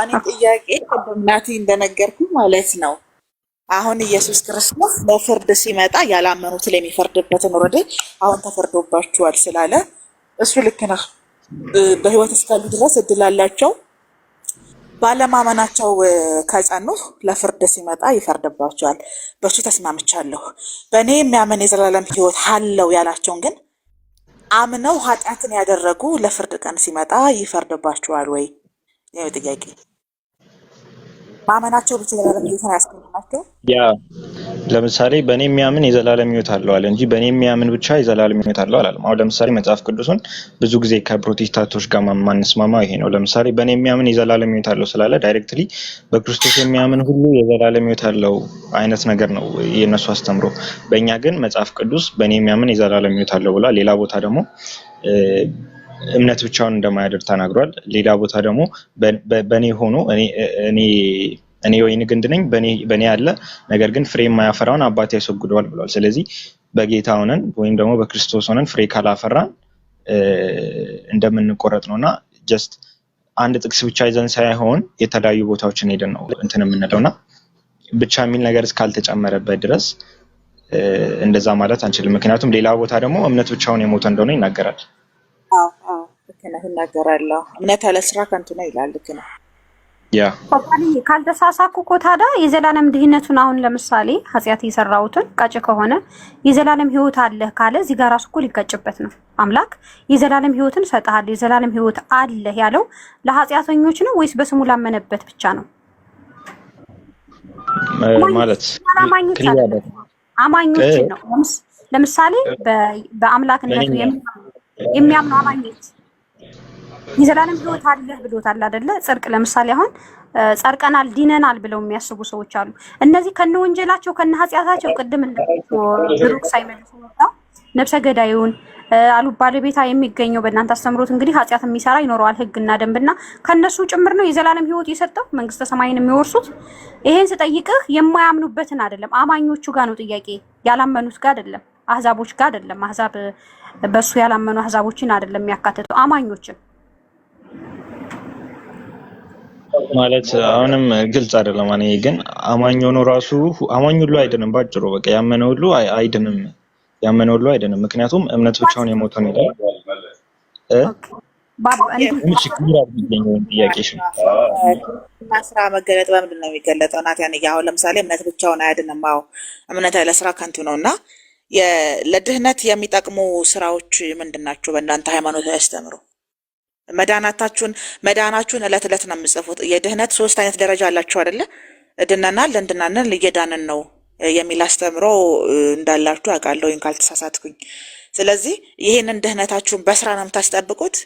እኔ ጥያቄ እናቴ እንደነገርኩ ማለት ነው። አሁን ኢየሱስ ክርስቶስ ለፍርድ ሲመጣ ያላመኑት ላይ የሚፈርድበትን ወረደ አሁን ተፈርዶባችኋል ስላለ እሱ ልክ ነው። በህይወት እስካሉ ድረስ እድል አላቸው። ባለማመናቸው ከጸኑ ለፍርድ ሲመጣ ይፈርድባቸዋል። በሱ ተስማምቻለሁ። በእኔ የሚያምን የዘላለም ህይወት አለው ያላቸውን ግን አምነው ኃጢአትን ያደረጉ ለፍርድ ቀን ሲመጣ ይፈርድባቸዋል ወይ? ያው ጥያቄ ማመናቸው ብቻ የዘላለም ሕይወትን አያስገኝላቸው። ያ ለምሳሌ በእኔ የሚያምን የዘላለም ሕይወት አለዋል እንጂ በእኔ የሚያምን ብቻ የዘላለም ሕይወት አለው አላለም። አሁን ለምሳሌ መጽሐፍ ቅዱሱን ብዙ ጊዜ ከፕሮቴስታንቶች ጋር ማንስማማው ይሄ ነው። ለምሳሌ በእኔ የሚያምን የዘላለም ሕይወት አለው ስላለ ዳይሬክትሊ በክርስቶስ የሚያምን ሁሉ የዘላለም ሕይወት አለው አይነት ነገር ነው የእነሱ አስተምሮ። በእኛ ግን መጽሐፍ ቅዱስ በእኔ የሚያምን የዘላለም ሕይወት አለው ብሏል። ሌላ ቦታ ደግሞ እምነት ብቻውን እንደማያድር ተናግሯል። ሌላ ቦታ ደግሞ በእኔ ሆኖ እኔ ወይን ግንድ ነኝ በእኔ ያለ ነገር ግን ፍሬ የማያፈራውን አባቴ ያስወግደዋል ብሏል ስለዚህ በጌታ ሆነን ወይም ደግሞ በክርስቶስ ሆነን ፍሬ ካላፈራን እንደምንቆረጥ ነው እና ጀስት አንድ ጥቅስ ብቻ ይዘን ሳይሆን የተለያዩ ቦታዎችን ሄደን ነው እንትን የምንለው እና ብቻ የሚል ነገር እስካልተጨመረበት ድረስ እንደዛ ማለት አንችልም። ምክንያቱም ሌላ ቦታ ደግሞ እምነት ብቻውን የሞተ እንደሆነ ይናገራል። ልክ ነህ፣ እናገራለሁ እምነት ያለ ስራ ከንቱ ነው ይላል። ልክ ነህ። ካልተሳሳኩ እኮ ታዲያ የዘላለም ድህነቱን አሁን ለምሳሌ ኃጢአት የሰራሁትን ቀጭ ከሆነ የዘላለም ህይወት አለ ካለ እዚህ ጋር ራሱ እኮ ሊቀጭበት ነው። አምላክ የዘላለም ህይወትን ሰጠሃል፣ የዘላለም ህይወት አለ ያለው ለኃጢአተኞች ነው ወይስ በስሙ ላመነበት ብቻ ነው? ማለት አማኞችን ነው። ለምሳሌ በአምላክነቱ የሚያምኑ አማኞች የዘላለም ህይወት አለህ ብሎታል አይደለ? ጽድቅ ለምሳሌ አሁን ጸድቀናል ዲነናል ብለው የሚያስቡ ሰዎች አሉ። እነዚህ ከነ ወንጀላቸው ከነ ኃጢአታቸው ቅድም ብሩክ ሳይመልሱ ነብሰ ገዳዩን አሉባሌ ቤታ የሚገኘው በእናንተ አስተምሮት እንግዲህ ኃጢአት የሚሰራ ይኖረዋል ህግና ደንብና ከነሱ ጭምር ነው የዘላለም ህይወት የሰጠው መንግስተ ሰማይን የሚወርሱት። ይሄን ስጠይቅህ የማያምኑበትን አይደለም አማኞቹ ጋር ነው ጥያቄ፣ ያላመኑት ጋር አይደለም፣ አህዛቦች ጋር አይደለም። አህዛብ በእሱ ያላመኑ አህዛቦችን አይደለም የሚያካትተው አማኞችን ማለት አሁንም ግልጽ አይደለም። እኔ ግን አማኝ ሆኖ ራሱ አማኝ ሁሉ አይድንም። ባጭሩ በቃ ያመነ ሁሉ አይድንም፣ ያመነ ሁሉ አይድንም። ምክንያቱም እምነት ብቻውን የሞተ ነው ይላል። እና ስራ መገለጥ በምንድን ነው የሚገለጠው? ናት ያን አሁን ለምሳሌ እምነት ብቻውን አያድንም። አዎ እምነት ለስራ ስራ ከንቱ ነው እና ለድህነት የሚጠቅሙ ስራዎች ምንድን ናቸው? በእናንተ ሃይማኖት ያስተምሩ። መዳናታችሁን መዳናችሁን እለት እለት ነው የምጽፉት። የድህነት ሶስት አይነት ደረጃ አላቸው አደለ? እድነናል፣ እንድናንን፣ እየዳንን ነው የሚል አስተምሮ እንዳላችሁ አውቃለሁ ወይም ካልተሳሳትኩኝ። ስለዚህ ይህንን ድህነታችሁን በስራ ነው የምታስጠብቁት?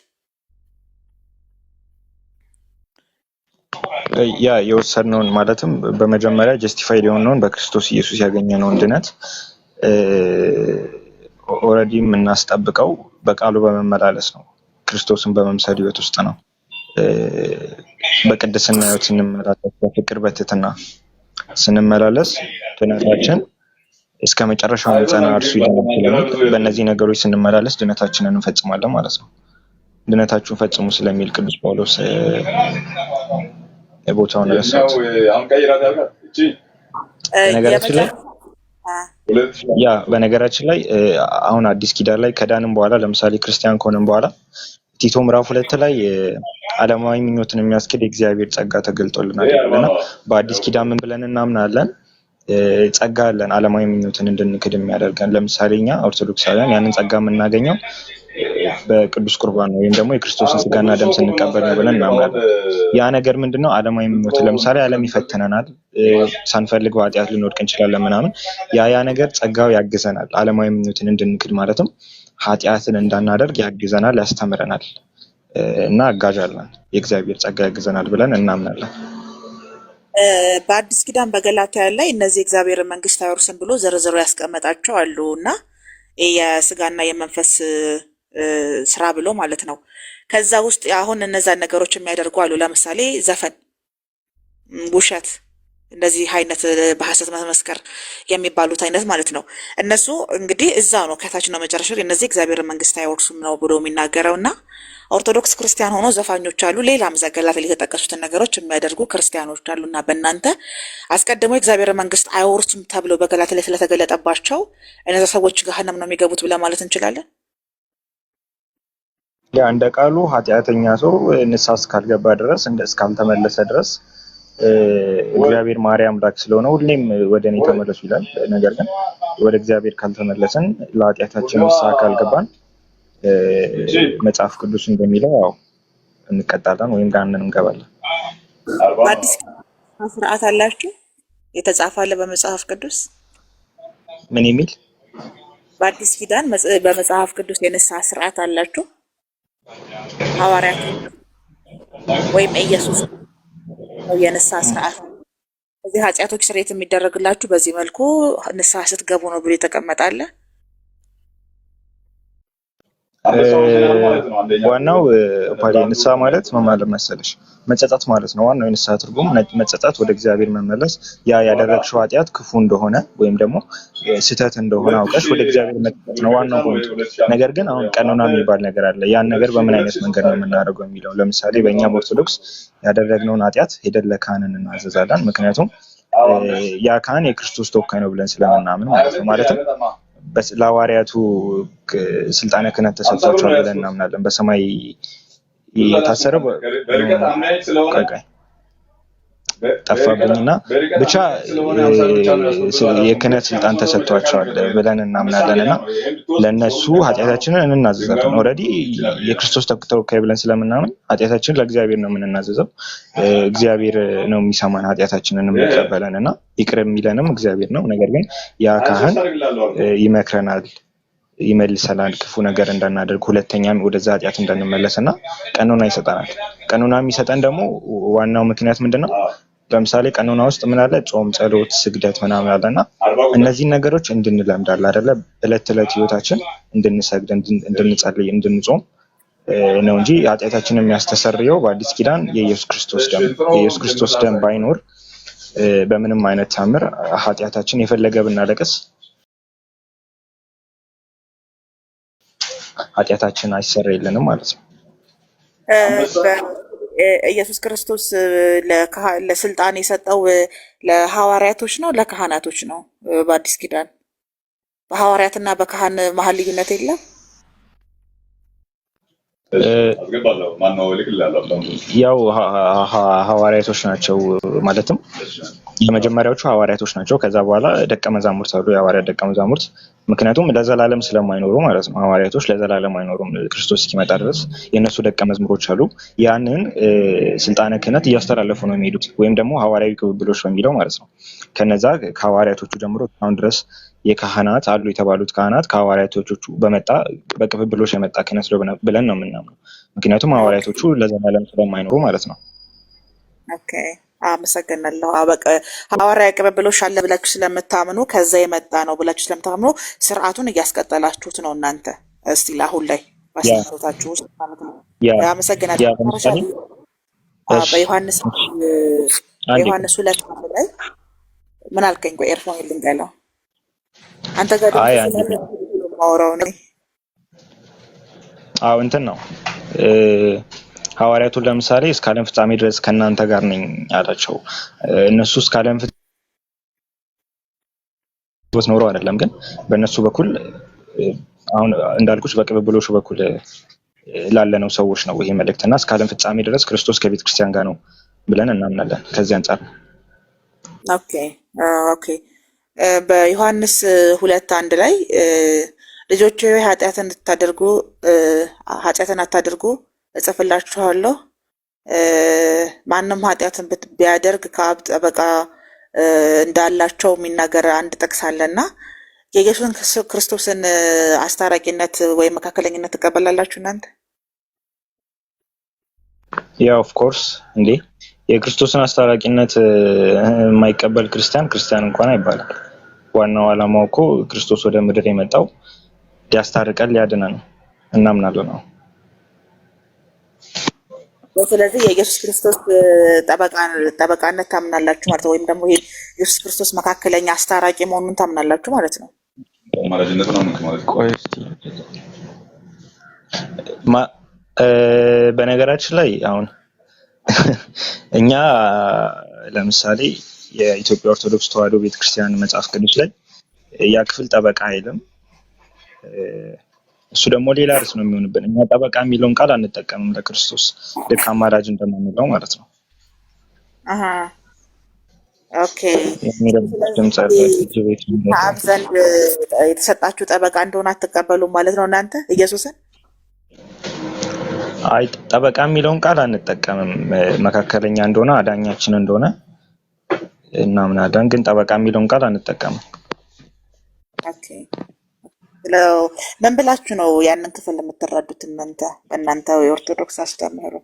ያ የወሰድነውን ማለትም በመጀመሪያ ጀስቲፋይድ የሆነውን በክርስቶስ ኢየሱስ ያገኘነውን ድነት ኦልሬዲ የምናስጠብቀው በቃሉ በመመላለስ ነው። ክርስቶስን በመምሰል ህይወት ውስጥ ነው። በቅድስና ህይወት ስንመላለስ፣ በፍቅር በትትና ስንመላለስ ድነታችን እስከ መጨረሻው ንጸና እርሱ በእነዚህ ነገሮች ስንመላለስ ድነታችንን እንፈጽማለን ማለት ነው። ድነታችሁን ፈጽሙ ስለሚል ቅዱስ ጳውሎስ የቦታውን ነገራችን ላይ ያ በነገራችን ላይ አሁን አዲስ ኪዳን ላይ ከዳንም በኋላ ለምሳሌ ክርስቲያን ከሆነም በኋላ ቲቶ ምዕራፍ ሁለት ላይ ዓለማዊ ምኞትን የሚያስክድ የእግዚአብሔር ጸጋ ተገልጦልናል እና በአዲስ ኪዳን ምን ብለን እናምናለን? ጸጋ አለን ዓለማዊ ምኞትን እንድንክድ የሚያደርገን። ለምሳሌ እኛ ኦርቶዶክሳውያን ያንን ጸጋ የምናገኘው በቅዱስ ቁርባን ነው ወይም ደግሞ የክርስቶስን ስጋና ደም ስንቀበል ነው ብለን እናምናለን። ያ ነገር ምንድን ነው? ዓለማዊ ሞት። ለምሳሌ ዓለም ይፈትነናል፣ ሳንፈልግ ኃጢአት ልንወድቅ እንችላለን ምናምን። ያ ያ ነገር ጸጋው ያግዘናል፣ ዓለማዊ ሞትን እንድንክድ ማለትም ኃጢአትን እንዳናደርግ ያግዘናል፣ ያስተምረናል እና አጋዥ አለን። የእግዚአብሔር ጸጋ ያግዘናል ብለን እናምናለን። በአዲስ ኪዳን በገላትያ ላይ እነዚህ እግዚአብሔር መንግስት አይወርስም ብሎ ዘርዝሮ ያስቀመጣቸው አሉ እና የስጋና የመንፈስ ስራ ብሎ ማለት ነው። ከዛ ውስጥ አሁን እነዛን ነገሮች የሚያደርጉ አሉ። ለምሳሌ ዘፈን፣ ውሸት፣ እንደዚህ አይነት በሐሰት መመስከር የሚባሉት አይነት ማለት ነው። እነሱ እንግዲህ እዛ ነው ከታች ነው መጨረሻ እነዚህ እግዚአብሔር መንግስት አይወርሱም ነው ብሎ የሚናገረው እና ኦርቶዶክስ ክርስቲያን ሆኖ ዘፋኞች አሉ። ሌላም ዘገላት የተጠቀሱትን ነገሮች የሚያደርጉ ክርስቲያኖች አሉ እና በእናንተ አስቀድሞ የእግዚአብሔር መንግስት አይወርሱም ተብሎ በገላት ላይ ስለተገለጠባቸው እነዛ ሰዎች ገሃነም ነው የሚገቡት ብለ ማለት እንችላለን። እንደ ቃሉ ኃጢአተኛ ሰው ንስሐ እስካልገባ ድረስ እስካልተመለሰ ድረስ እግዚአብሔር ማርያም አምላክ ስለሆነ ሁሌም ወደ እኔ ተመለሱ ይላል። ነገር ግን ወደ እግዚአብሔር ካልተመለሰን ለኃጢአታችን ንስሐ ካልገባን መጽሐፍ ቅዱስ እንደሚለው ያው እንቀጣለን ወይም ጋንን እንገባለን። አዲስ ስርዓት አላችሁ? የተጻፈ አለ በመጽሐፍ ቅዱስ ምን የሚል በአዲስ ኪዳን በመጽሐፍ ቅዱስ የንስሐ ስርዓት አላችሁ? ሐዋርያቱ ወይም ኢየሱስ የንስሐ ስርዓት። እዚህ ኃጢአቶች ስርየት የሚደረግላችሁ በዚህ መልኩ ንስሐ ስትገቡ ነው ብሎ የተቀመጣለ። ዋናው ባሌ ንስሐ ማለት ምን ማለት መሰለሽ መጸጸት ማለት ነው። ዋናው የንስሐ ትርጉም መጸጸት፣ ወደ እግዚአብሔር መመለስ፣ ያ ያደረግሽው ኃጢአት ክፉ እንደሆነ ወይም ደግሞ ስህተት እንደሆነ አውቀሽ ወደ እግዚአብሔር መጠጣት ነው ዋናው ፖይንቱ። ነገር ግን አሁን ቀኖና የሚባል ነገር አለ። ያን ነገር በምን አይነት መንገድ ነው የምናደርገው የሚለው ለምሳሌ በእኛ በኦርቶዶክስ ያደረግነውን ኃጢአት ሄደን ለካህን እናዘዛለን። ምክንያቱም ያ ካህን የክርስቶስ ተወካይ ነው ብለን ስለምናምን ማለት ነው ማለትም ለሐዋርያቱ ስልጣነ ክህነት ተሰጥቷቸዋል ብለን እናምናለን። በሰማይ የታሰረ ጠፋብኝና ብቻ የክህነት ስልጣን ተሰጥቷቸዋል ብለን እናምናለን እና ለእነሱ ኃጢአታችንን እንናዘዛለን። ኦልሬዲ የክርስቶስ ተወካይ ብለን ስለምናምን ኃጢአታችንን ለእግዚአብሔር ነው የምንናዘዘው። እግዚአብሔር ነው የሚሰማን ኃጢአታችንን የሚቀበለን እና ይቅር የሚለንም እግዚአብሔር ነው። ነገር ግን ያ ካህን ይመክረናል ይመልሰናል ክፉ ነገር እንዳናደርግ ሁለተኛም ወደዛ ኃጢአት እንዳንመለስ እና ቀኖና ይሰጠናል። ቀኖና የሚሰጠን ደግሞ ዋናው ምክንያት ምንድን ነው? ለምሳሌ ቀኖና ውስጥ ምን አለ? ጾም፣ ጸሎት፣ ስግደት ምናምን አለ እና እነዚህን ነገሮች አለ አደለ? እለት ተዕለት ህይወታችን እንድንሰግድ፣ እንድንጸልይ፣ እንድንጾም ነው እንጂ አጥያታችን የሚያስተሰርየው በአዲስ ኪዳን የኢየሱስ ክርስቶስ ደም የኢየሱስ ክርስቶስ ደም ባይኖር በምንም አይነት ታምር ኃጢአታችን የፈለገ ብናለቅስ ኃጢአታችን አይሰረይልንም ማለት ነው። ኢየሱስ ክርስቶስ ለስልጣን የሰጠው ለሐዋርያቶች ነው ለካህናቶች ነው? በአዲስ ኪዳን በሐዋርያትና በካህን መሀል ልዩነት የለም። ያው ሐዋርያቶች ናቸው ማለትም የመጀመሪያዎቹ ሐዋርያቶች ናቸው። ከዛ በኋላ ደቀ መዛሙርት አሉ፣ የሐዋርያት ደቀ መዛሙርት። ምክንያቱም ለዘላለም ስለማይኖሩ ማለት ነው። ሐዋርያቶች ለዘላለም አይኖሩም፣ ክርስቶስ እስኪመጣ ድረስ የእነሱ ደቀ መዝሙሮች አሉ። ያንን ስልጣነ ክህነት እያስተላለፉ ነው የሚሄዱት፣ ወይም ደግሞ ሐዋርያዊ ቅብብሎች በሚለው ማለት ነው። ከነዛ ከሐዋርያቶቹ ጀምሮ አሁን ድረስ የካህናት አሉ የተባሉት ካህናት ከሐዋርያቶቹ በመጣ በቅብብሎሽ የመጣ ክህነት ብለን ነው የምናምነው። ምክንያቱም ሐዋርያቶቹ ለዘላለም ስለማይኖሩ ማለት ነው። አመሰግናለሁ። ሐዋርያ ቅብብሎች አለ ብላችሁ ስለምታምኑ ከዛ የመጣ ነው ብላችሁ ስለምታምኑ ስርዓቱን እያስቀጠላችሁት ነው እናንተ እስቲ አሁን ላይ ማስተማሮታችሁ ውስጥ ማለት ነው። አመሰግናለሁ። በዮሐንስ ሁለት ላይ ምን አልከኝ? ቆይ ኤርፎን ልንቀለው አንተ ጋር ማውራው ነው። አዎ እንትን ነው ሐዋርያቱን ለምሳሌ እስከ ዓለም ፍጻሜ ድረስ ከእናንተ ጋር ነኝ አላቸው። እነሱ እስከ ዓለም ፍጻሜ ኖረው አይደለም፣ ግን በእነሱ በኩል አሁን እንዳልኩሽ በቅብብሎሹ በኩል ላለነው ሰዎች ነው ይሄ መልእክት እና እስከ ዓለም ፍጻሜ ድረስ ክርስቶስ ከቤተ ክርስቲያን ጋር ነው ብለን እናምናለን። ከዚህ አንጻር ኦኬ ኦኬ በዮሐንስ ሁለት አንድ ላይ ልጆች ሆይ ኃጢአትን እንድታደርጉ ኃጢአትን አታደርጉ እጽፍላችኋለሁ፣ ማንም ኃጢአትን ቢያደርግ ከአብ ጠበቃ እንዳላቸው የሚናገር አንድ ጥቅስ አለና የኢየሱስ ክርስቶስን አስታራቂነት ወይም መካከለኝነት ትቀበላላችሁ እናንተ? ያ ኦፍኮርስ እንዴ! የክርስቶስን አስታራቂነት የማይቀበል ክርስቲያን ክርስቲያን እንኳን አይባልም። ዋናው ዓላማው እኮ ክርስቶስ ወደ ምድር የመጣው ሊያስታርቀን ሊያድነን እናምናለን ነው። ስለዚህ የኢየሱስ ክርስቶስ ጠበቃነት ታምናላችሁ ማለት ነው። ወይም ደግሞ የኢየሱስ ክርስቶስ መካከለኛ አስታራቂ መሆኑን ታምናላችሁ ማለት ነው። በነገራችን ላይ አሁን እኛ ለምሳሌ የኢትዮጵያ ኦርቶዶክስ ተዋሕዶ ቤተክርስቲያን መጽሐፍ ቅዱስ ላይ ያ ክፍል ጠበቃ አይልም። እሱ ደግሞ ሌላ ርዕስ ነው የሚሆንብን። እኛ ጠበቃ የሚለውን ቃል አንጠቀምም ለክርስቶስ ልክ አማራጅ እንደምንለው ማለት ነው። ከአብ ዘንድ የተሰጣችሁ ጠበቃ እንደሆነ አትቀበሉም ማለት ነው እናንተ ኢየሱስን አይ ጠበቃ የሚለውን ቃል አንጠቀምም። መካከለኛ እንደሆነ አዳኛችን እንደሆነ እናምናለን፣ ግን ጠበቃ የሚለውን ቃል አንጠቀምም። ምን ብላችሁ ነው ያንን ክፍል የምትረዱት እናንተ በእናንተ የኦርቶዶክስ አስተምህሮ?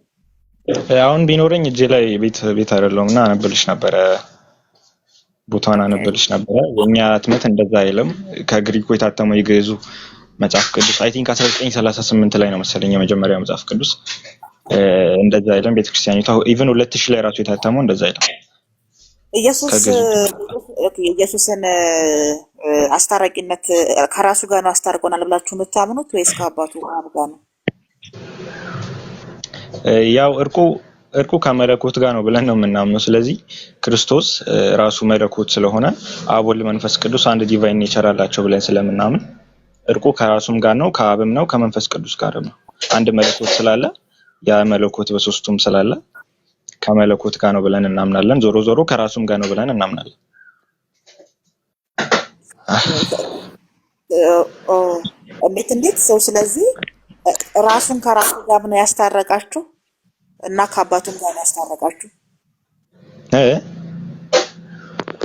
አሁን ቢኖረኝ እጄ ላይ ቤት ቤት አይደለሁም እና አነብልሽ ነበረ ቦታን አነበልሽ ነበረ። የእኛ ህትመት እንደዛ አይልም። ከግሪኩ የታተመው የግዕዙ መጽሐፍ ቅዱስ አይ ቲንክ 1938 ላይ ነው መሰለኝ የመጀመሪያው መጽሐፍ ቅዱስ እንደዛ አይልም። ቤተክርስቲያኒቷ ኢቨን 2000 ላይ ራሱ የታተመው እንደዛ አይልም። ኢየሱስን አስታራቂነት ከራሱ ጋር ነው አስታርቆናል ብላችሁ የምታምኑት ወይስ ከአባቱ ጋር ነው? ያው እርቁ እርቁ ከመለኮት ጋር ነው ብለን ነው የምናምነው። ስለዚህ ክርስቶስ ራሱ መለኮት ስለሆነ አብ፣ ወልድ፣ መንፈስ ቅዱስ አንድ ዲቫይን ኔቸር አላቸው ብለን ስለምናምን እርቁ ከራሱም ጋር ነው፣ ከአብም ነው፣ ከመንፈስ ቅዱስ ጋር ነው። አንድ መለኮት ስላለ ያ መለኮት በሶስቱም ስላለ ከመለኮት ጋር ነው ብለን እናምናለን። ዞሮ ዞሮ ከራሱም ጋር ነው ብለን እናምናለን። እንዴት እንዴት ሰው ስለዚህ ራሱን ከራሱ ጋር ነው ያስታረቃችሁ እና ከአባቱም ጋር ነው ያስታረቃችሁ።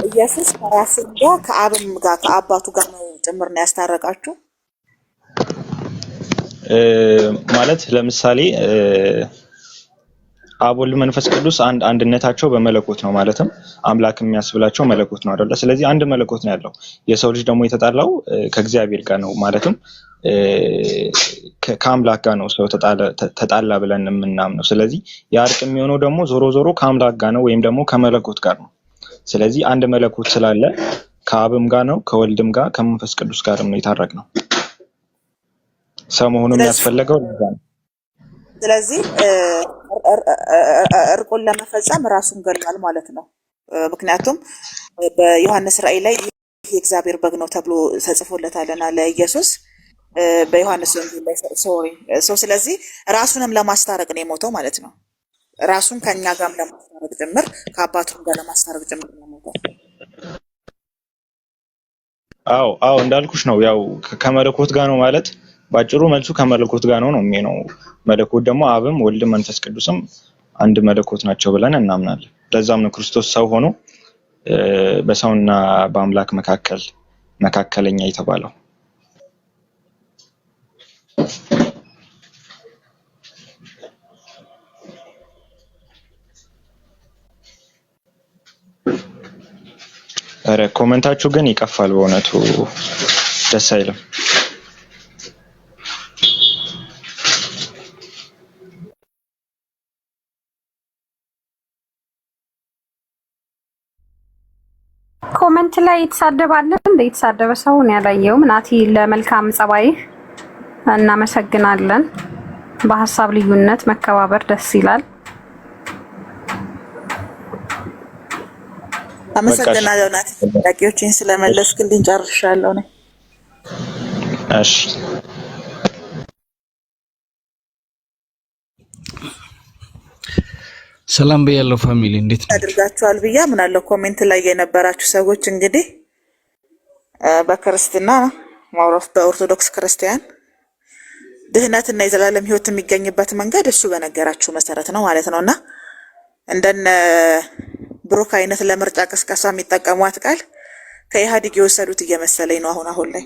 ኢየሱስ ከራሱ ጋር ከአብም ጋር ከአባቱ ጋር ነው ጭምር ነው ያስታረቃችሁ ማለት ለምሳሌ አብ ወልድ መንፈስ ቅዱስ አንድ አንድነታቸው በመለኮት ነው። ማለትም አምላክ የሚያስብላቸው መለኮት ነው አይደለ? ስለዚህ አንድ መለኮት ነው ያለው። የሰው ልጅ ደግሞ የተጣላው ከእግዚአብሔር ጋር ነው። ማለትም ከአምላክ ጋር ነው ሰው ተጣላ ብለን የምናምነው። ስለዚህ የአርቅ የሚሆነው ደግሞ ዞሮ ዞሮ ከአምላክ ጋር ነው ወይም ደግሞ ከመለኮት ጋር ነው። ስለዚህ አንድ መለኮት ስላለ ከአብም ጋር ነው ከወልድም ጋር ከመንፈስ ቅዱስ ጋርም ነው የታረቅ ነው ሰው መሆኑ የሚያስፈለገው ለዛ ነው። ስለዚህ እርቁን ለመፈጸም ራሱን ገድሏል ማለት ነው። ምክንያቱም በዮሐንስ ራእይ ላይ ይህ የእግዚአብሔር በግ ነው ተብሎ ተጽፎለታልና ለኢየሱስ በዮሐንስ ወንጌል ላይ ሶሪ ሰው። ስለዚህ ራሱንም ለማስታረቅ ነው የሞተው ማለት ነው። ራሱን ከእኛ ጋርም ለማስታረቅ ጭምር ከአባቱም ጋር ለማስታረቅ ጭምር ነው የሞተው። አዎ አዎ፣ እንዳልኩሽ ነው ያው ከመለኮት ጋር ነው ማለት በአጭሩ መልሱ ከመለኮት ጋር ነው ነው የሚሆነው። መለኮት ደግሞ አብም ወልድም መንፈስ ቅዱስም አንድ መለኮት ናቸው ብለን እናምናለን። ለዛም ነው ክርስቶስ ሰው ሆኖ በሰውና በአምላክ መካከል መካከለኛ የተባለው። ኧረ ኮመንታችሁ ግን ይቀፋል በእውነቱ ደስ አይልም። በነገራችን ላይ የተሳደባለን እንደ የተሳደበ ሰው ነው ያላየውም። ናቲ ለመልካም ጸባይህ እናመሰግናለን። በሀሳብ ልዩነት መከባበር ደስ ይላል። አመሰግናለሁ ናቲ፣ ጥያቄዎችን ስለመለስክልኝ ጨርሻለሁ። እሺ ሰላም በያለው ፋሚሊ እንዴት ነው አድርጋችኋል? ብያ ምን አለው ኮሜንት ላይ የነበራችሁ ሰዎች እንግዲህ በክርስትና ማውረፍ በኦርቶዶክስ ክርስቲያን ድህነት እና የዘላለም ህይወት የሚገኝበት መንገድ እሱ በነገራችሁ መሰረት ነው ማለት ነው እና እንደነ ብሩክ አይነት ለምርጫ ቅስቀሳ የሚጠቀሟት ቃል ከኢህአዴግ የወሰዱት እየመሰለኝ ነው አሁን አሁን ላይ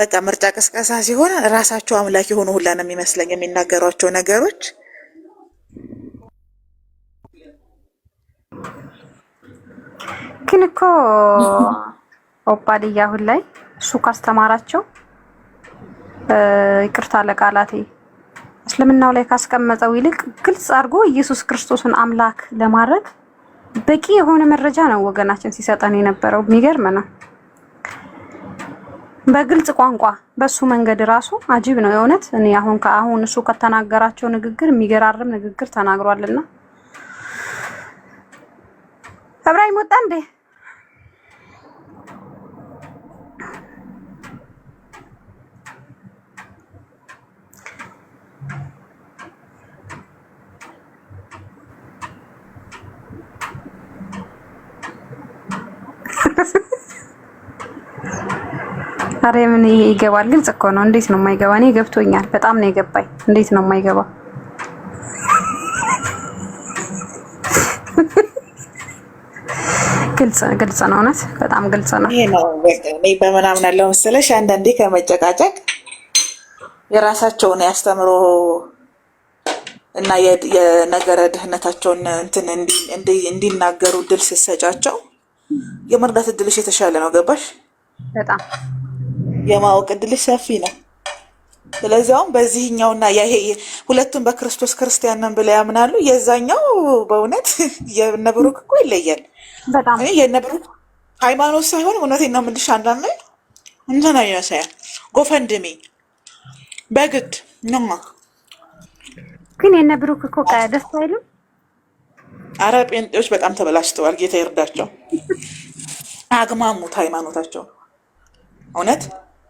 በቃ ምርጫ ቅስቀሳ ሲሆን ራሳቸው አምላክ የሆኑ ሁላ ነው የሚመስለኝ የሚናገሯቸው ነገሮች ግን እኮ ኦፓድያ አሁን ላይ እሱ ካስተማራቸው ይቅርታ ለቃላቴ እስልምናው ላይ ካስቀመጠው ይልቅ ግልጽ አድርጎ ኢየሱስ ክርስቶስን አምላክ ለማድረግ በቂ የሆነ መረጃ ነው ወገናችን ሲሰጠን የነበረው። የሚገርም ነው። በግልጽ ቋንቋ በሱ መንገድ ራሱ አጂብ ነው የእውነት። እኔ አሁን ከአሁን እሱ ከተናገራቸው ንግግር የሚገራርም ንግግር ተናግሯልና እብራሂም ወጣ እንዴ? አሬ ምን ይገባል? ግልጽ እኮ ነው። እንዴት ነው የማይገባ? እኔ ገብቶኛል። በጣም ነው የገባኝ። እንዴት ነው የማይገባ? ግልጽ ነው። እውነት በጣም ግልጽ ነው። ይሄ ነው እኔ በምናምን ያለው መሰለሽ። አንዳንዴ ከመጨቃጨቅ የራሳቸውን ያስተምሮ እና የነገረ ድህነታቸውን እንትን እንዲናገሩ ድል ስትሰጫቸው የመርዳት እድልሽ የተሻለ ነው። ገባሽ? በጣም የማወቅ እድልሽ ሰፊ ነው። ስለዚያውም በዚህኛውና ይሄ ሁለቱም በክርስቶስ ክርስቲያንን ብለው ያምናሉ። የዛኛው በእውነት የነብሩክ እኮ ይለያል። እኔ የነበሩ ሃይማኖት ሳይሆን እውነቴን ነው የምልሽ። አንዳንድ ላይ እንትን ያሳያል ጎፈንድሜ በግድ ንማ ግን የነ ብሩክ እኮ ደስ አይሉም። አረ ጴንጤዎች በጣም ተበላሽተዋል። ጌታ ይርዳቸው። አግማሙት ሃይማኖታቸው እውነት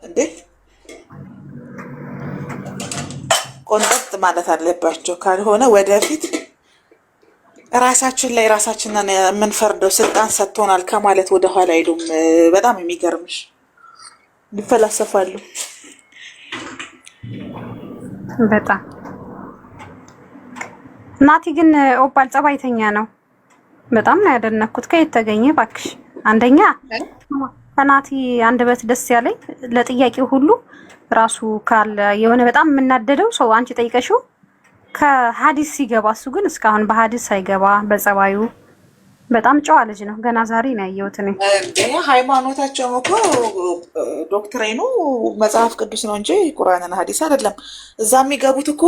እንዴ ቆንጠጥ ማለት አለባቸው። ካልሆነ ወደፊት ራሳችን ላይ ራሳችንን የምንፈርደው ስልጣን ሰጥቶናል ከማለት ወደኋላ አይሉም። በጣም የሚገርምሽ ይፈላሰፋሉ። በጣም ናቲ ግን ኦባል ጸባይተኛ ነው። በጣም ነው ያደነኩት። ከየት ተገኘ ባክሽ? አንደኛ ከናቲ አንደበት ደስ ያለኝ ለጥያቄ ሁሉ ራሱ ካለ የሆነ በጣም የምናደደው ሰው አንቺ ጠይቀሽው ከሀዲስ ሲገባ እሱ ግን እስካሁን በሀዲስ ሳይገባ በጸባዩ በጣም ጨዋ ልጅ ነው። ገና ዛሬ ነው ያየሁት። እኔ ሃይማኖታቸውም እኮ ዶክትሬኑ መጽሐፍ ቅዱስ ነው እንጂ ቁርአንን ሀዲስ አይደለም። እዛ የሚገቡት እኮ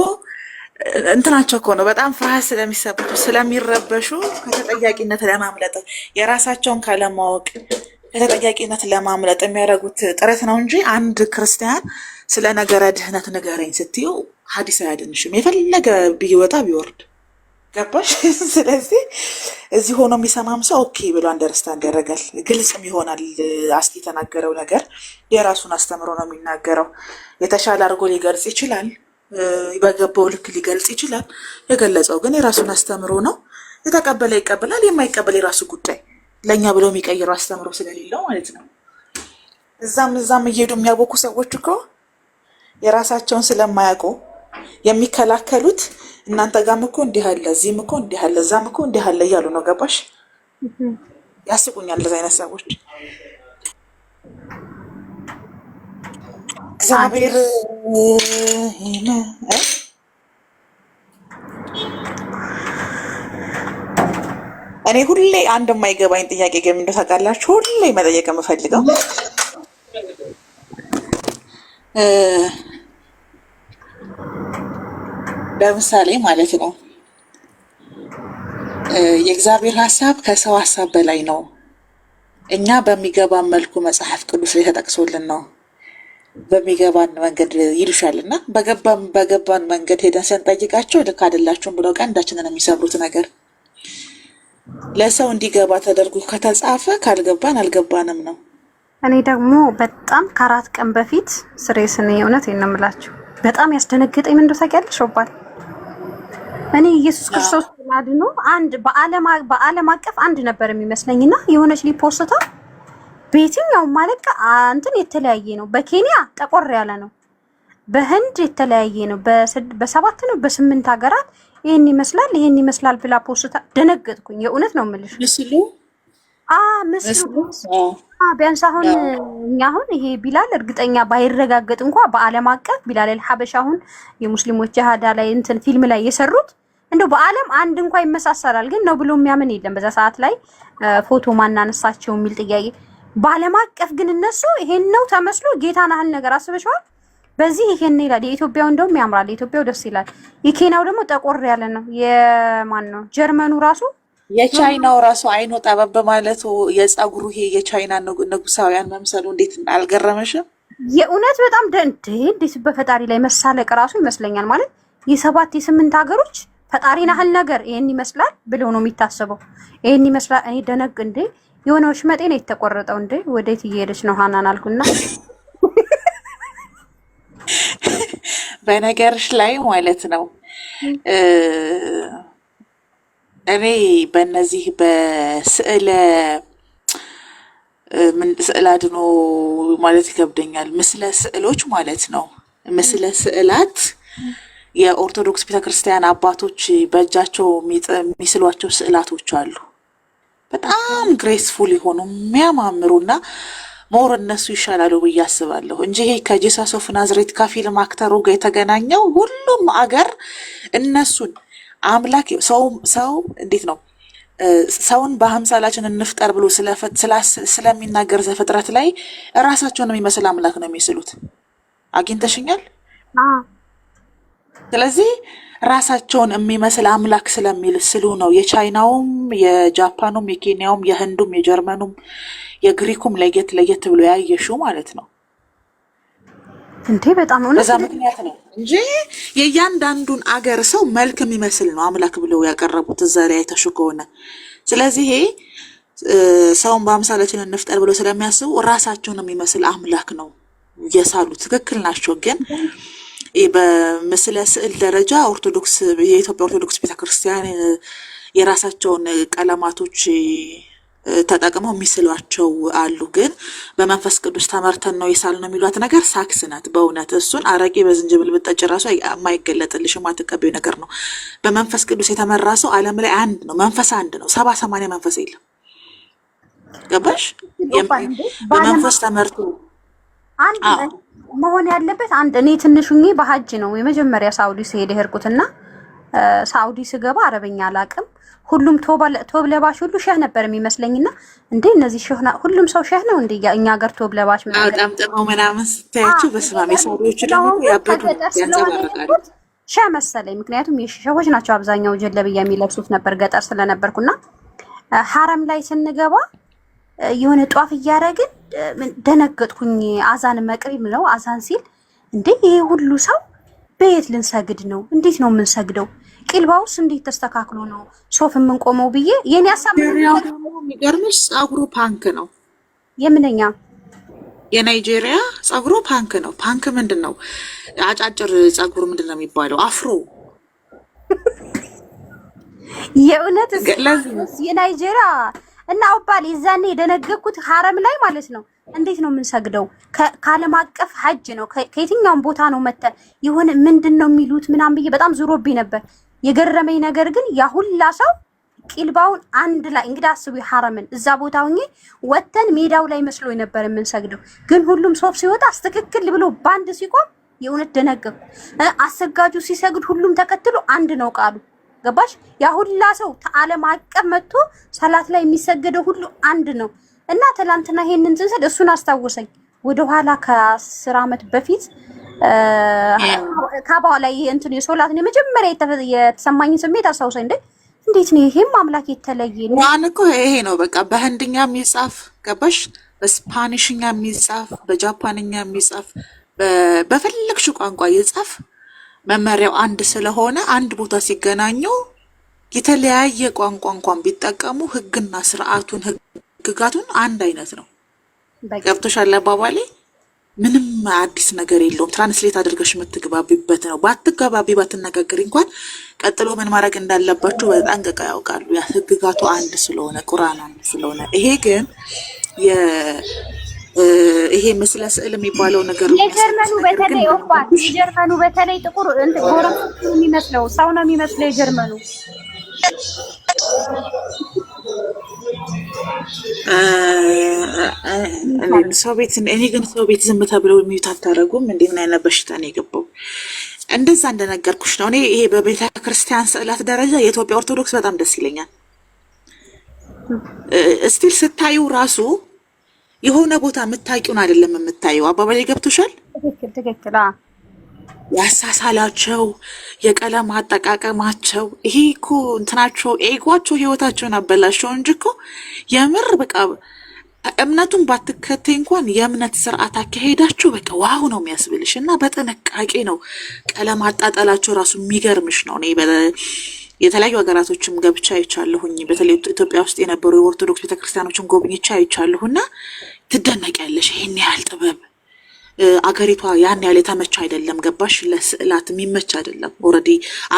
እንትናቸው እኮ ነው። በጣም ፍርሃት ስለሚሰቡቱ ስለሚረበሹ ከተጠያቂነት ለማምለጥ የራሳቸውን ካለማወቅ ከተጠያቂነት ለማምለጥ የሚያደርጉት ጥረት ነው እንጂ አንድ ክርስቲያን ስለ ነገረ ድህነት ንገረኝ ስትይው ሀዲስ አያድንሽም። የፈለገ ቢወጣ ቢወርድ ገባሽ። ስለዚህ እዚህ ሆኖ የሚሰማም ሰው ኦኬ ብሎ አንደርስታንድ ያደረጋል፣ ግልጽም ይሆናል። አስቲ የተናገረው ነገር የራሱን አስተምሮ ነው የሚናገረው። የተሻለ አድርጎ ሊገልጽ ይችላል። በገባው ልክ ሊገልጽ ይችላል። የገለጸው ግን የራሱን አስተምሮ ነው። የተቀበለ ይቀበላል፣ የማይቀበል የራሱ ጉዳይ። ለእኛ ብሎ የሚቀይረው አስተምሮ ስለሌለው ማለት ነው። እዛም እዛም እየሄዱ የሚያቦኩ ሰዎች እኮ የራሳቸውን ስለማያውቁ የሚከላከሉት እናንተ ጋር እኮ እንዲህ አለ፣ እዚህም እኮ እንዲህ አለ፣ እዛም እኮ እንዲህ አለ እያሉ ነው። ገባሽ? ያስቁኛል እንደዚህ አይነት ሰዎች። እግዚአብሔር እኔ ሁሌ አንድ የማይገባኝ ጥያቄ ገሚ እንደው ታውቃላችሁ፣ ሁሌ መጠየቅ የምፈልገው ለምሳሌ ማለት ነው የእግዚአብሔር ሀሳብ ከሰው ሀሳብ በላይ ነው። እኛ በሚገባን መልኩ መጽሐፍ ቅዱስ ላይ ተጠቅሶልን ነው በሚገባን መንገድ ይሉሻል እና በገባን መንገድ ሄደን ስንጠይቃቸው ልክ አይደላችሁም ብለው ቀንዳችንን የሚሰብሩት ነገር ለሰው እንዲገባ ተደርጎ ከተጻፈ ካልገባን አልገባንም ነው። እኔ ደግሞ በጣም ከአራት ቀን በፊት ስሬ ስኔ እውነት ነው የምላችሁ በጣም ያስደነገጠኝ ምንዶ ታውቂያለሽ? እኔ ኢየሱስ ክርስቶስ አድኖ አንድ በዓለም አቀፍ አንድ ነበር የሚመስለኝ እና የሆነች ሊፖስታ በየትኛው ማለቃ እንትን የተለያየ ነው። በኬንያ ጠቆር ያለ ነው። በህንድ የተለያየ ነው። በሰባት ነው በስምንት ሀገራት ይህን ይመስላል ይህን ይመስላል ብላ ፖስታ ደነገጥኩኝ። የእውነት ነው የምልሽ ምስሉ ምስሉ ቢያንስ አሁን እኛ አሁን ይሄ ቢላል እርግጠኛ ባይረጋገጥ እንኳ በዓለም አቀፍ ቢላል አልሐበሻ አሁን የሙስሊሞች ጃሃዳ ላይ እንትን ፊልም ላይ የሰሩት እንደው በዓለም አንድ እንኳን ይመሳሰላል፣ ግን ነው ብሎ የሚያምን የለም። በዛ ሰዓት ላይ ፎቶ ማናነሳቸው የሚል ጥያቄ በዓለም አቀፍ ግን እነሱ ይሄን ነው ተመስሎ ጌታን አህል ነገር አስበሽዋል። በዚህ ይሄን ይላል። የኢትዮጵያው እንደውም ያምራል፣ የኢትዮጵያው ደስ ይላል። የኬንያው ደግሞ ጠቆር ያለ ነው። የማን ነው? ጀርመኑ ራሱ የቻይናው ራሱ አይኖ ጠበብ በማለቱ የፀጉሩ ይሄ የቻይና ንጉሳውያን መምሰሉ እንዴት አልገረመሽም? የእውነት በጣም ደንድ እንዴት በፈጣሪ ላይ መሳለቅ ራሱ ይመስለኛል ማለት የሰባት የስምንት ሀገሮች ፈጣሪ ናህል ነገር ይሄን ይመስላል ብሎ ነው የሚታሰበው። ይሄን ይመስላል እኔ ደነግ እንዴ የሆነ ወሽመጤ ነው የተቆረጠው እንዴ ወዴት እየሄደች ነው ሀናን አልኩና በነገርሽ ላይ ማለት ነው እኔ በእነዚህ በስዕለ ስዕል አድኖ ማለት ይከብደኛል ምስለ ስዕሎች ማለት ነው ምስለ ስዕላት የኦርቶዶክስ ቤተክርስቲያን አባቶች በእጃቸው የሚስሏቸው ስዕላቶች አሉ። በጣም ግሬስፉል የሆኑ የሚያማምሩና ሞር እነሱ ይሻላሉ ብዬ አስባለሁ እንጂ ይሄ ከጄሳስ ኦፍ ናዝሬት ከፊልም አክተሩ ጋር የተገናኘው ሁሉም አገር እነሱን አምላክ ሰው ሰው እንዴት ነው ሰውን በአምሳላችን እንፍጠር ብሎ ስለሚናገር ዘፍጥረት ላይ እራሳቸውን የሚመስል አምላክ ነው የሚስሉት። አግኝተሽኛል? ስለዚህ ራሳቸውን የሚመስል አምላክ ስለሚል ስሉ ነው የቻይናውም የጃፓኑም የኬንያውም የህንዱም የጀርመኑም የግሪኩም ለየት ለየት ብሎ ያየሹ ማለት ነው። እንዴ በጣም በዛ ምክንያት ነው እንጂ የእያንዳንዱን አገር ሰው መልክ የሚመስል ነው አምላክ ብለው ያቀረቡት እዛ ላይ አይተሹ ከሆነ ስለዚህ ሰውን በአምሳላችን እንፍጠር ብለው ስለሚያስቡ ራሳቸውን የሚመስል አምላክ ነው የሳሉ። ትክክል ናቸው ግን በምስለ ስዕል ደረጃ ኦርቶዶክስ የኢትዮጵያ ኦርቶዶክስ ቤተክርስቲያን የራሳቸውን ቀለማቶች ተጠቅመው የሚስሏቸው አሉ። ግን በመንፈስ ቅዱስ ተመርተን ነው የሳል ነው የሚሏት ነገር ሳክስ ናት። በእውነት እሱን አረቄ በዝንጅብል ብጠጭ ራሱ የማይገለጥልሽ የማትቀቢው ነገር ነው። በመንፈስ ቅዱስ የተመራ ሰው ዓለም ላይ አንድ ነው። መንፈስ አንድ ነው። ሰባ ሰማንያ መንፈስ የለም። ገባሽ? በመንፈስ ተመርቶ መሆን ያለበት አንድ እኔ ትንሹኝ በሀጅ ነው የመጀመሪያ ሳውዲ ስሄድ የሄድኩትና ሳውዲ ስገባ አረበኛ አላቅም። ሁሉም ቶብ ለባሽ ሁሉ ሸህ ነበር የሚመስለኝና እንዴ እነዚህ ሸህና ሁሉም ሰው ሸህ ነው እንዴ? እኛ ሀገር ቶብ ለባሽ ምናምን ምናምን ስታያችሁ በስማም የሳውዲዎቹ ደግሞ ያበዱ ያንጸባርቃሉ። ሸህ መሰለኝ፣ ምክንያቱም የሸሆች ናቸው አብዛኛው ጀለብያ የሚለብሱት ነበር ገጠር ስለነበርኩና ሀረም ላይ ስንገባ የሆነ ጧፍ እያደረግን ደነገጥኩኝ። አዛን መቅሪ ነው አዛን ሲል እንዴ ይሄ ሁሉ ሰው በየት ልንሰግድ ነው? እንዴት ነው የምንሰግደው? ቂልባውስ እንዴት ተስተካክሎ ነው ሶፍ የምንቆመው ብዬ የኔ ሀሳብ የሚገርምሽ ጸጉሩ ፓንክ ነው። የምንኛ የናይጄሪያ ጸጉሩ ፓንክ ነው። ፓንክ ምንድን ነው? አጫጭር ጸጉር ምንድን ነው የሚባለው? አፍሮ የእውነት የናይጄሪያ እና አውባል የዛኔ የደነገኩት ሀረም ላይ ማለት ነው። እንዴት ነው የምንሰግደው? ከዓለም አቀፍ ሀጅ ነው። ከየትኛውም ቦታ ነው መተን የሆነ ምንድን ነው የሚሉት ምናም ብዬ በጣም ዙሮብኝ ነበር። የገረመኝ ነገር ግን ያሁላ ሰው ቂልባውን አንድ ላይ እንግዲህ አስቡ፣ ሀረምን እዛ ቦታ ሆኜ ወተን ሜዳው ላይ መስሎ ነበር የምንሰግደው። ግን ሁሉም ሶፍ ሲወጣ አስተክክል ብሎ ባንድ ሲቆም የእውነት ደነገኩ። አሰጋጁ ሲሰግድ ሁሉም ተከትሎ አንድ ነው ቃሉ ገባሽ? ያ ሁላ ሰው ዓለም አቀፍ መጥቶ ሰላት ላይ የሚሰገደው ሁሉ አንድ ነው እና ትላንትና ይሄንን ስንሰድ እሱን አስታወሰኝ። ወደኋላ ከአስር አመት በፊት ካባ ላይ እንትን የሶላትን የመጀመሪያ የተሰማኝን ስሜት አስታውሰኝ። እንዴ እንዴት ነው ይሄም አምላክ የተለየ ዋን እኮ ይሄ ነው በቃ በህንድኛ የሚጻፍ ገባሽ፣ በስፓኒሽኛ የሚጻፍ፣ በጃፓንኛ የሚጻፍ፣ በፈለግሽ ቋንቋ የጻፍ መመሪያው አንድ ስለሆነ አንድ ቦታ ሲገናኙ የተለያየ ቋንቋ እንኳን ቢጠቀሙ ህግና ስርዓቱን ህግጋቱን አንድ አይነት ነው። ገብቶሻል አባባሌ? ምንም አዲስ ነገር የለውም። ትራንስሌት አድርገሽ የምትግባቢበት ነው። ባትገባቢ ባትነጋገሪ እንኳን ቀጥሎ ምን ማድረግ እንዳለባቸው በጠንቅቀ ያውቃሉ። ያ ህግጋቱ አንድ ስለሆነ ቁርአን አንድ ስለሆነ ይሄ ግን ይሄ ምስለ ስዕል የሚባለው ነገር የጀርመኑ በተለይ ኦፋ የጀርመኑ በተለይ ጥቁር እንት ጎረም የሚመስለው ሰው ነው የሚመስለው የጀርመኑ ሰው ቤት። እኔ ግን ሰው ቤት ዝም ተብለው የሚዩት አታደርጉም። እንደ ምን አይነት በሽታ ነው የገባው? እንደዛ እንደነገርኩሽ ነው። እኔ ይሄ በቤተ ክርስቲያን ስዕላት ደረጃ የኢትዮጵያ ኦርቶዶክስ በጣም ደስ ይለኛል። እስቲል ስታዩ ራሱ የሆነ ቦታ የምታውቂውን አይደለም የምታየው። አባባሌ ገብቶሻል? ትክክል ትክክል። ያሳሳላቸው፣ የቀለም አጠቃቀማቸው ይሄ እኮ እንትናቸው ኤጓቸው ህይወታቸውን አበላሸው እንጂ እኮ የምር በቃ እምነቱን ባትከቴ እንኳን የእምነት ስርዓት አካሄዳችሁ በቃ ዋው ነው የሚያስብልሽ። እና በጥንቃቄ ነው ቀለም አጣጠላቸው ራሱ የሚገርምሽ ነው። እኔ የተለያዩ ሀገራቶችም ገብቻ አይቻለሁኝ። በተለይ ኢትዮጵያ ውስጥ የነበሩ የኦርቶዶክስ ቤተክርስቲያኖችን ጎብኝቻ እና ትደነቂያለሽ። ይህን ያህል ጥበብ አገሪቷ ያን ያህል የተመቸ አይደለም። ገባሽ? ለስዕላት የሚመች አይደለም። ኦልሬዲ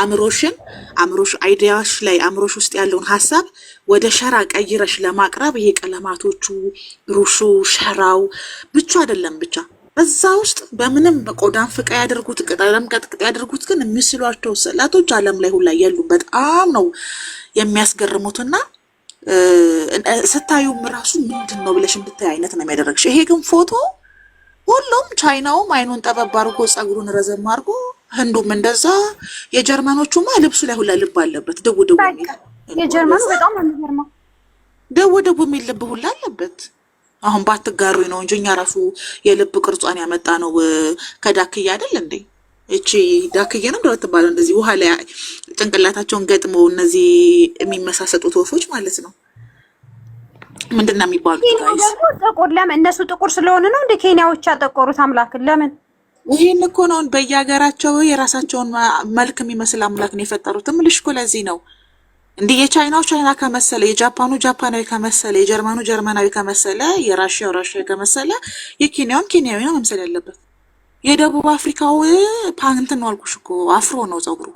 አእምሮሽን አእምሮሽ አይዲያሽ ላይ አእምሮሽ ውስጥ ያለውን ሀሳብ ወደ ሸራ ቀይረሽ ለማቅረብ ይሄ ቀለማቶቹ፣ ሩሹ፣ ሸራው ብቻ አይደለም ብቻ እዛ ውስጥ በምንም በቆዳን ፍቃ ያደርጉት ቅጠለም ቀጥቅጥ ያደርጉት ግን የሚስሏቸው ስዕላቶች ዓለም ላይ ሁላ ያሉ በጣም ነው የሚያስገርሙትና ስታዩም ራሱ ምንድን ነው ብለሽ እንድታይ አይነት ነው የሚያደረግሽ። ይሄ ግን ፎቶ ሁሉም ቻይናውም አይኑን ጠበብ አድርጎ ፀጉሩን ረዘም አድርጎ ህንዱም እንደዛ የጀርመኖቹማ ልብሱ ላይ ሁላ ልብ አለበት። ደቡ ደቡ የሚል ደቡ ደቡ የሚል ልብ ሁላ አለበት። አሁን ባትጋሩ ነው እንጂ እኛ ራሱ የልብ ቅርጿን ያመጣ ነው። ከዳክዬ አይደል እንዴ? እቺ ዳክዬ ነው እንደምትባለው እንደዚህ ውሃ ላይ ጭንቅላታቸውን ገጥመው እነዚህ የሚመሳሰጡት ወፎች ማለት ነው። ምንድን ነው የሚባሉት? ጥቁር ለምን እነሱ ጥቁር ስለሆኑ ነው እንደ ኬንያዎች ያጠቆሩት አምላክን ለምን ይህን እኮ ነው በየሀገራቸው የራሳቸውን መልክ የሚመስል አምላክ ነው የፈጠሩት። ምልሽ እኮ ለዚህ ነው እንዲህ የቻይናው ቻይና ከመሰለ የጃፓኑ ጃፓናዊ ከመሰለ የጀርመኑ ጀርመናዊ ከመሰለ የራሽያው ራሽያ ከመሰለ የኬንያውም ኬንያዊ ነው መምሰል ያለበት። የደቡብ አፍሪካው ፓንትን ነው አልኩሽ እኮ አፍሮ ነው ፀጉሩ።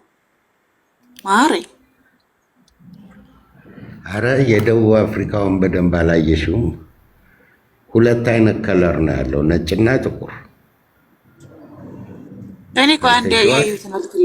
ማሬ አረ የደቡብ አፍሪካውን በደንብ አላየሽውም? ሁለት አይነት ከለር ነው ያለው ነጭና ጥቁር። እኔ ቆይ አንዴ